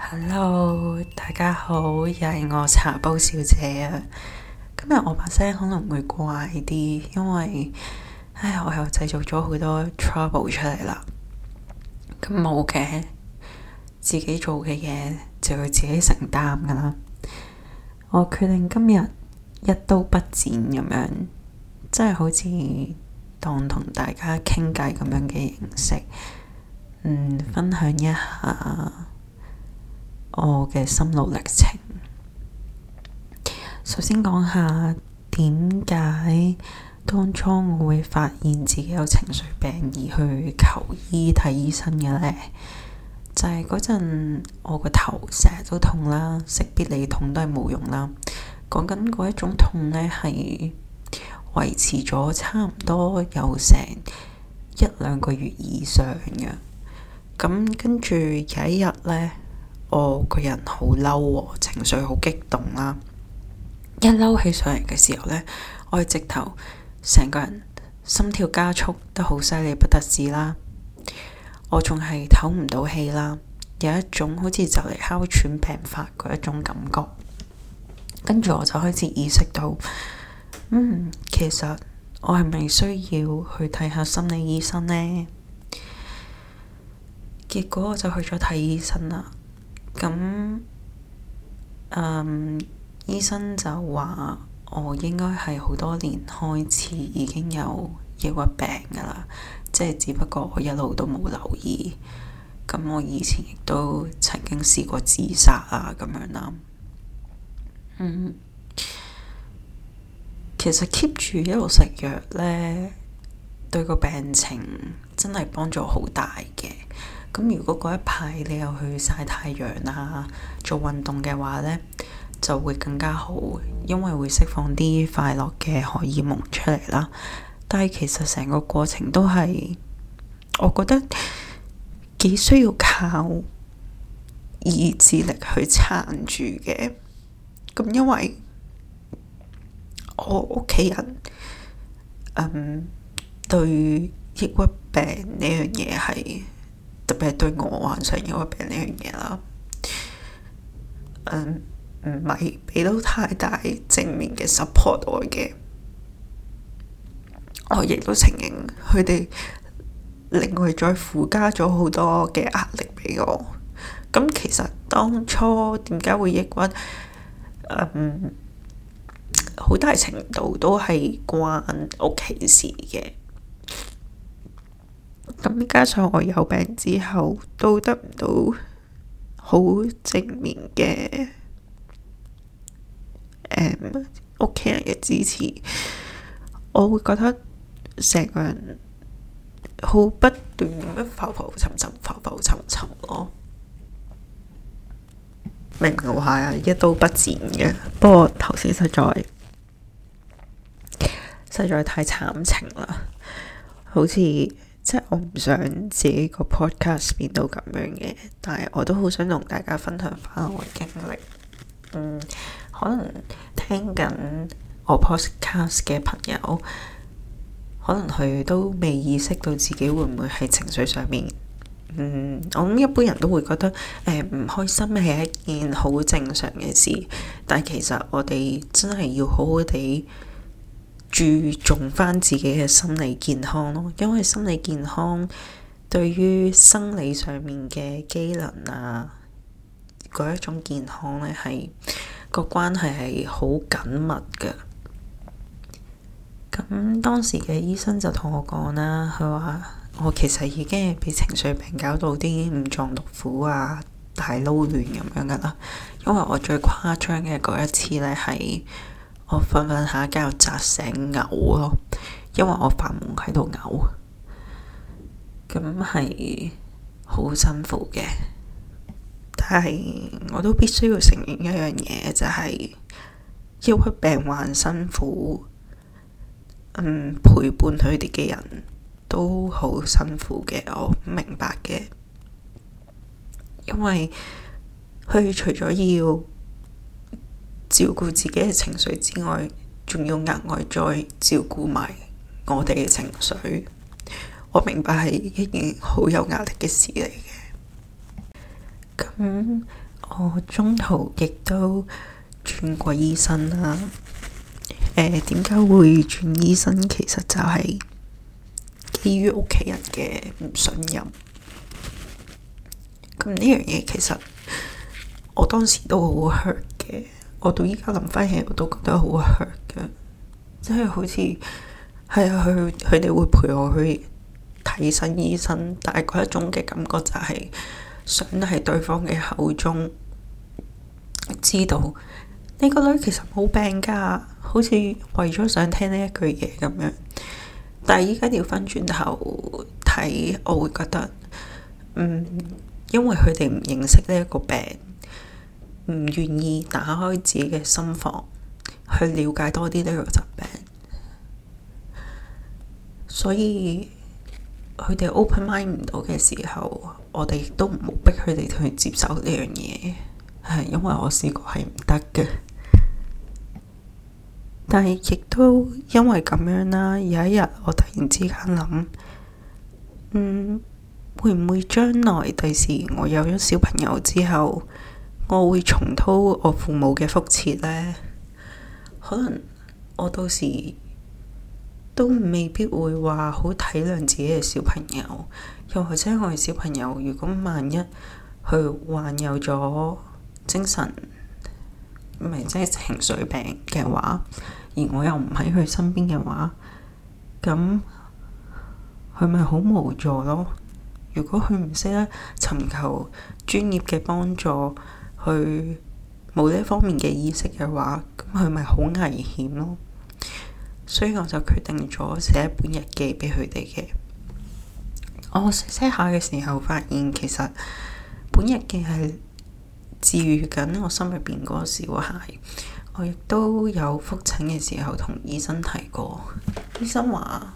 Hello，大家好，又係我茶煲小姐啊。今日我把聲可能會怪啲，因為，唉，我又製造咗好多 trouble 出嚟啦。咁冇嘅，自己做嘅嘢就要自己承擔噶啦。我決定今日一刀不剪咁樣，真係好似當同大家傾偈咁樣嘅形式，嗯，分享一下。我嘅心路歷程。首先講下點解當初我會發現自己有情緒病而去求醫睇醫生嘅呢，就係嗰陣，我個頭成日都痛啦，食必利痛都係冇用啦。講緊嗰一種痛呢，係維持咗差唔多有成一兩個月以上嘅。咁跟住有一日呢。哦，我個人好嬲喎，情緒好激動啦！一嬲起上嚟嘅時候呢，我係直頭成個人心跳加速得好犀利，不得止啦！我仲係唞唔到氣啦，有一種好似就嚟哮喘病發嗰一種感覺。跟住我就開始意識到，嗯，其實我係咪需要去睇下心理醫生呢？結果我就去咗睇醫生啦。咁，嗯，醫生就話我應該係好多年開始已經有抑鬱病噶啦，即係只不過我一路都冇留意。咁我以前亦都曾經試過自殺啊咁樣啦。嗯，其實 keep 住一路食藥咧，對個病情真係幫助好大嘅。咁如果嗰一排你又去曬太陽啊，做運動嘅話呢，就會更加好，因為會釋放啲快樂嘅荷爾蒙出嚟啦。但係其實成個過程都係我覺得幾需要靠意志力去撐住嘅。咁因為我屋企人嗯對抑鬱病呢樣嘢係。特別係對我患上抑鬱症呢樣嘢啦，唔係俾到太大正面嘅 support 我嘅，我亦都承認佢哋另外再附加咗好多嘅壓力俾我。咁、嗯、其實當初點解會抑鬱？好、嗯、大程度都係關屋企事嘅。咁加上我有病之後，都得唔到好正面嘅屋企人嘅支持，我會覺得成個人好不斷咁樣浮浮沉沉，浮浮沉沉咯。明明話啊，一刀不剪嘅。不過頭先實在實在太慘情啦，好似～即係我唔想自己個 podcast 變到咁樣嘅，但係我都好想同大家分享返我嘅經歷。嗯，可能聽緊我 podcast 嘅朋友，可能佢都未意識到自己會唔會喺情緒上面。嗯，我諗一般人都會覺得，誒、呃、唔開心係一件好正常嘅事，但係其實我哋真係要好好地。注重翻自己嘅心理健康咯，因為心理健康對於生理上面嘅機能啊，嗰一種健康咧，係個關係係好緊密㗎。咁當時嘅醫生就同我講啦，佢話我其實已經係俾情緒病搞到啲五臟六腑啊，大撈亂咁樣噶啦，因為我最誇張嘅嗰一次咧係。我瞓瞓下覺，扎醒嘔咯，呃，因為我發夢喺度嘔，咁係好辛苦嘅。但係我都必須要承認一樣嘢，就係憂鬱病患辛苦，嗯，陪伴佢哋嘅人都好辛苦嘅，我明白嘅，因為佢除咗要照顧自己嘅情緒之外，仲要額外再照顧埋我哋嘅情緒，我明白係一件好有壓力嘅事嚟嘅。咁我中途亦都轉過醫生啦。誒，點解會轉醫生？其實就係基於屋企人嘅唔信任。咁呢樣嘢，其實我當時都好 hurt 嘅。我到依家諗翻起，我都覺得，就是，好 hurt 噶，即係好似係呀，佢佢哋會陪我去睇新醫生，但係嗰一種嘅感覺就係想喺對方嘅口中知道呢、這個女其實冇病噶，好似為咗想聽呢一句嘢咁樣。但係依家掉翻轉頭睇，我會覺得，嗯，因為佢哋唔認識呢一個病。唔願意打開自己嘅心房去了解多啲呢個疾病，所以佢哋 open mind 唔到嘅時候，我哋亦都唔好逼佢哋去接受呢樣嘢。係因為我試過係唔得嘅，但係亦都因為咁樣啦。有一日我突然之間諗，嗯，會唔會將來第時我有咗小朋友之後，我會重蹈我父母嘅覆轍呢。可能我到時都未必會話好體諒自己嘅小朋友，又或者我嘅小朋友如果萬一佢患有咗精神，唔係即係情緒病嘅話，而我又唔喺佢身邊嘅話，咁佢咪好無助咯。如果佢唔識得尋求專業嘅幫助，去冇呢方面嘅意識嘅話，咁佢咪好危險咯。所以我就決定咗寫一本日記俾佢哋嘅。我寫寫下嘅時候發現，其實本日記係治癒緊我心入邊嗰個小孩。我亦都有覆診嘅時候同醫生提過，醫生話：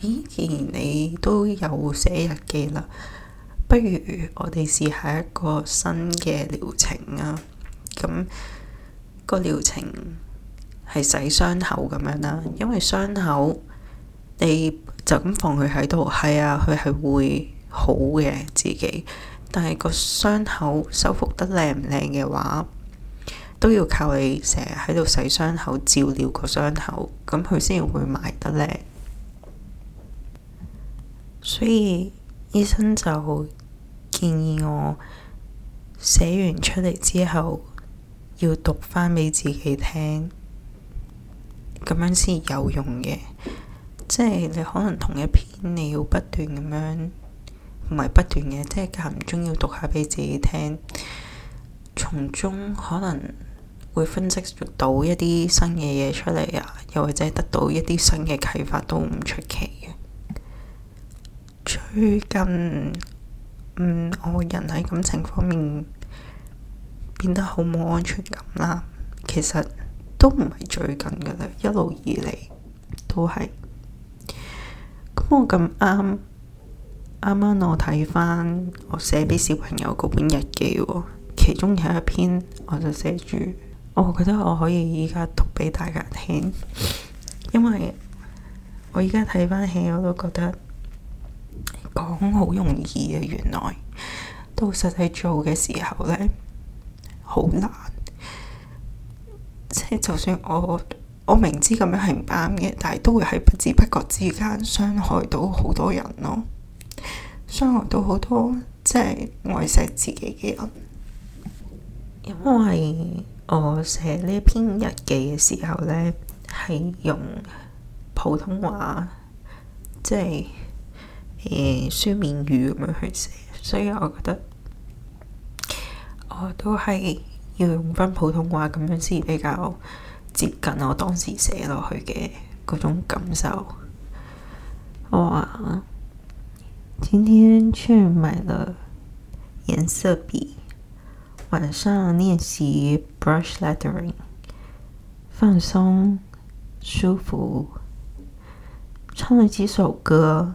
咦，既然你都有寫日記啦。不如我哋試下一個新嘅療程啊！咁個療程係洗傷口咁樣啦，因為傷口你就咁放佢喺度，係啊，佢係會好嘅自己。但係個傷口修復得靚唔靚嘅話，都要靠你成日喺度洗傷口、照料個傷口，咁佢先會埋得靚。所以醫生就～建議我寫完出嚟之後，要讀返畀自己聽，咁樣先有用嘅。即係你可能同一篇，你要不斷咁樣，唔係不斷嘅，即係間唔中要讀下畀自己聽，從中可能會分析到一啲新嘅嘢出嚟啊，又或者得到一啲新嘅啟發都唔出奇嘅。最近。嗯，我人喺感情方面變得好冇安全感啦。其實都唔係最近噶啦，一路以嚟都係。咁我咁啱啱啱我睇翻我寫俾小朋友嗰本日記，哦，其中有一篇我就寫住，我覺得我可以依家讀俾大家聽，因爲我依家睇翻戲我都覺得。講好容易啊，原來到實際做嘅時候呢，好難。即係就算我我明知咁樣係唔啱嘅，但係都會喺不知不覺之間傷害到好多人咯，傷害到好多即係愛錫自己嘅人。因為我寫呢篇日記嘅時候呢，係用普通話，即係。誒、欸、書面語咁樣去寫，所以我覺得我都係要用返普通話咁樣先比較接近我當時寫落去嘅嗰種感受。我啊，今天去買了顏色筆，晚上練習 brush lettering，放鬆舒服，唱咗幾首歌。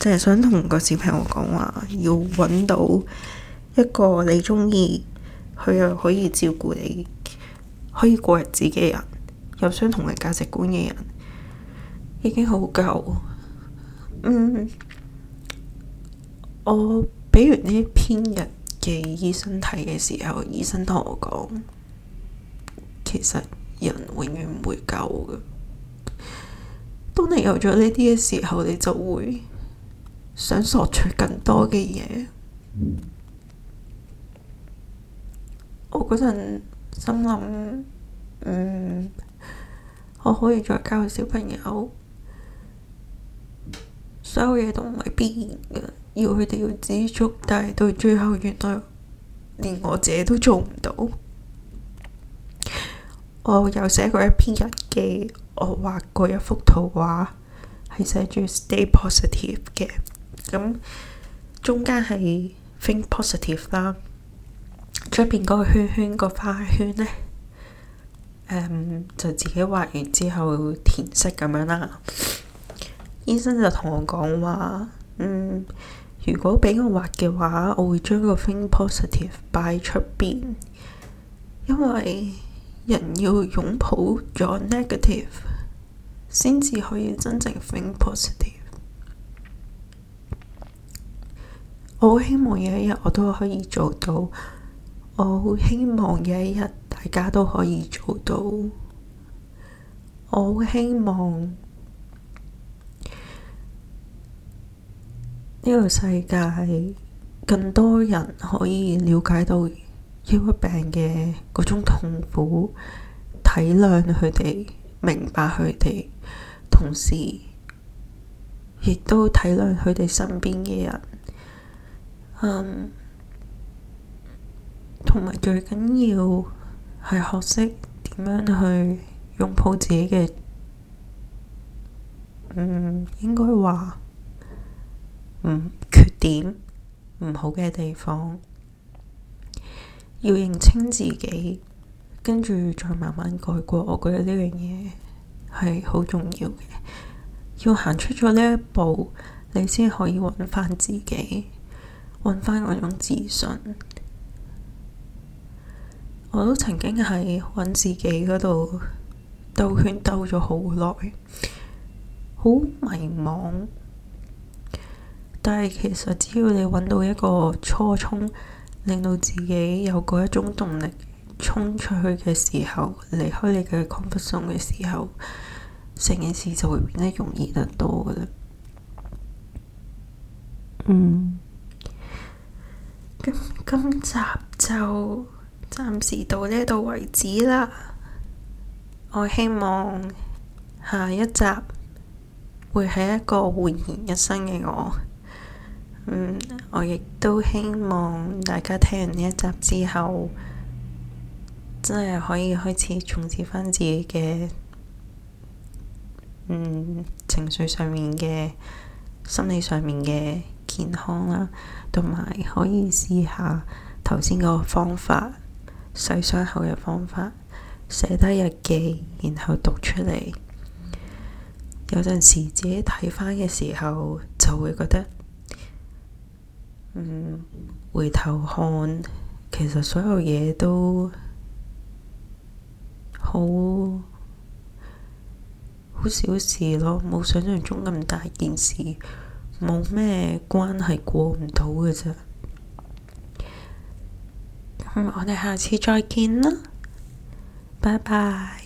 就係想同個小朋友講話，要揾到一個你鍾意，佢又可以照顧你，可以過日子嘅人，有相同嘅價值觀嘅人，已經好夠。嗯，我畀完呢篇日記醫生睇嘅時候，醫生同我講，其實人永遠唔會夠嘅。當你有咗呢啲嘅時候，你就會。想索取更多嘅嘢，mm. 我嗰陣心諗，嗯，我可以再教小朋友所有嘢都唔係必然嘅，要佢哋要知足。但係到最後，原來連我自己都做唔到。我有寫過一篇日記，我畫過一幅圖畫，係寫住 stay positive 嘅。咁中間係 think positive 啦，出邊嗰個圈圈、嗰個花圈呢，um, 就自己畫完之後填色咁樣啦。醫生就同我講話，嗯，如果俾我畫嘅話，我會將個 think positive 擺出邊，因為人要擁抱咗 negative 先至可以真正 think positive。我好希望有一日我都可以做到。我好希望有一日大家都可以做到。我好希望呢個世界更多人可以了解到抑鬱病嘅嗰種痛苦，體諒佢哋，明白佢哋，同時亦都體諒佢哋身邊嘅人。同埋、um, 最緊要係學識點樣去擁抱自己嘅，嗯，應該話唔、嗯、缺點，唔好嘅地方，要認清自己，跟住再慢慢改過。我覺得呢樣嘢係好重要嘅，要行出咗呢一步，你先可以揾翻自己。揾返嗰種自信，我都曾經喺揾自己嗰度兜圈兜咗好耐，好迷茫。但係其實只要你揾到一個初衷，令到自己有嗰一種動力，衝出去嘅時候，離開你嘅 comfort zone 嘅時候，成件事就會變得容易得多噶啦。嗯。今集就暫時到呢度為止啦。我希望下一集會係一個煥然一新嘅我。嗯，我亦都希望大家聽完呢一集之後，真係可以開始重置返自己嘅，嗯，情緒上面嘅，心理上面嘅健康啦，同埋可以試下頭先個方法，洗傷口嘅方法，寫低日記，然後讀出嚟。有陣時自己睇返嘅時候，就會覺得，嗯，回頭看，其實所有嘢都好好小事咯，冇想像中咁大件事。冇咩關係過，過唔到嘅啫。咁我哋下次再見啦，拜拜。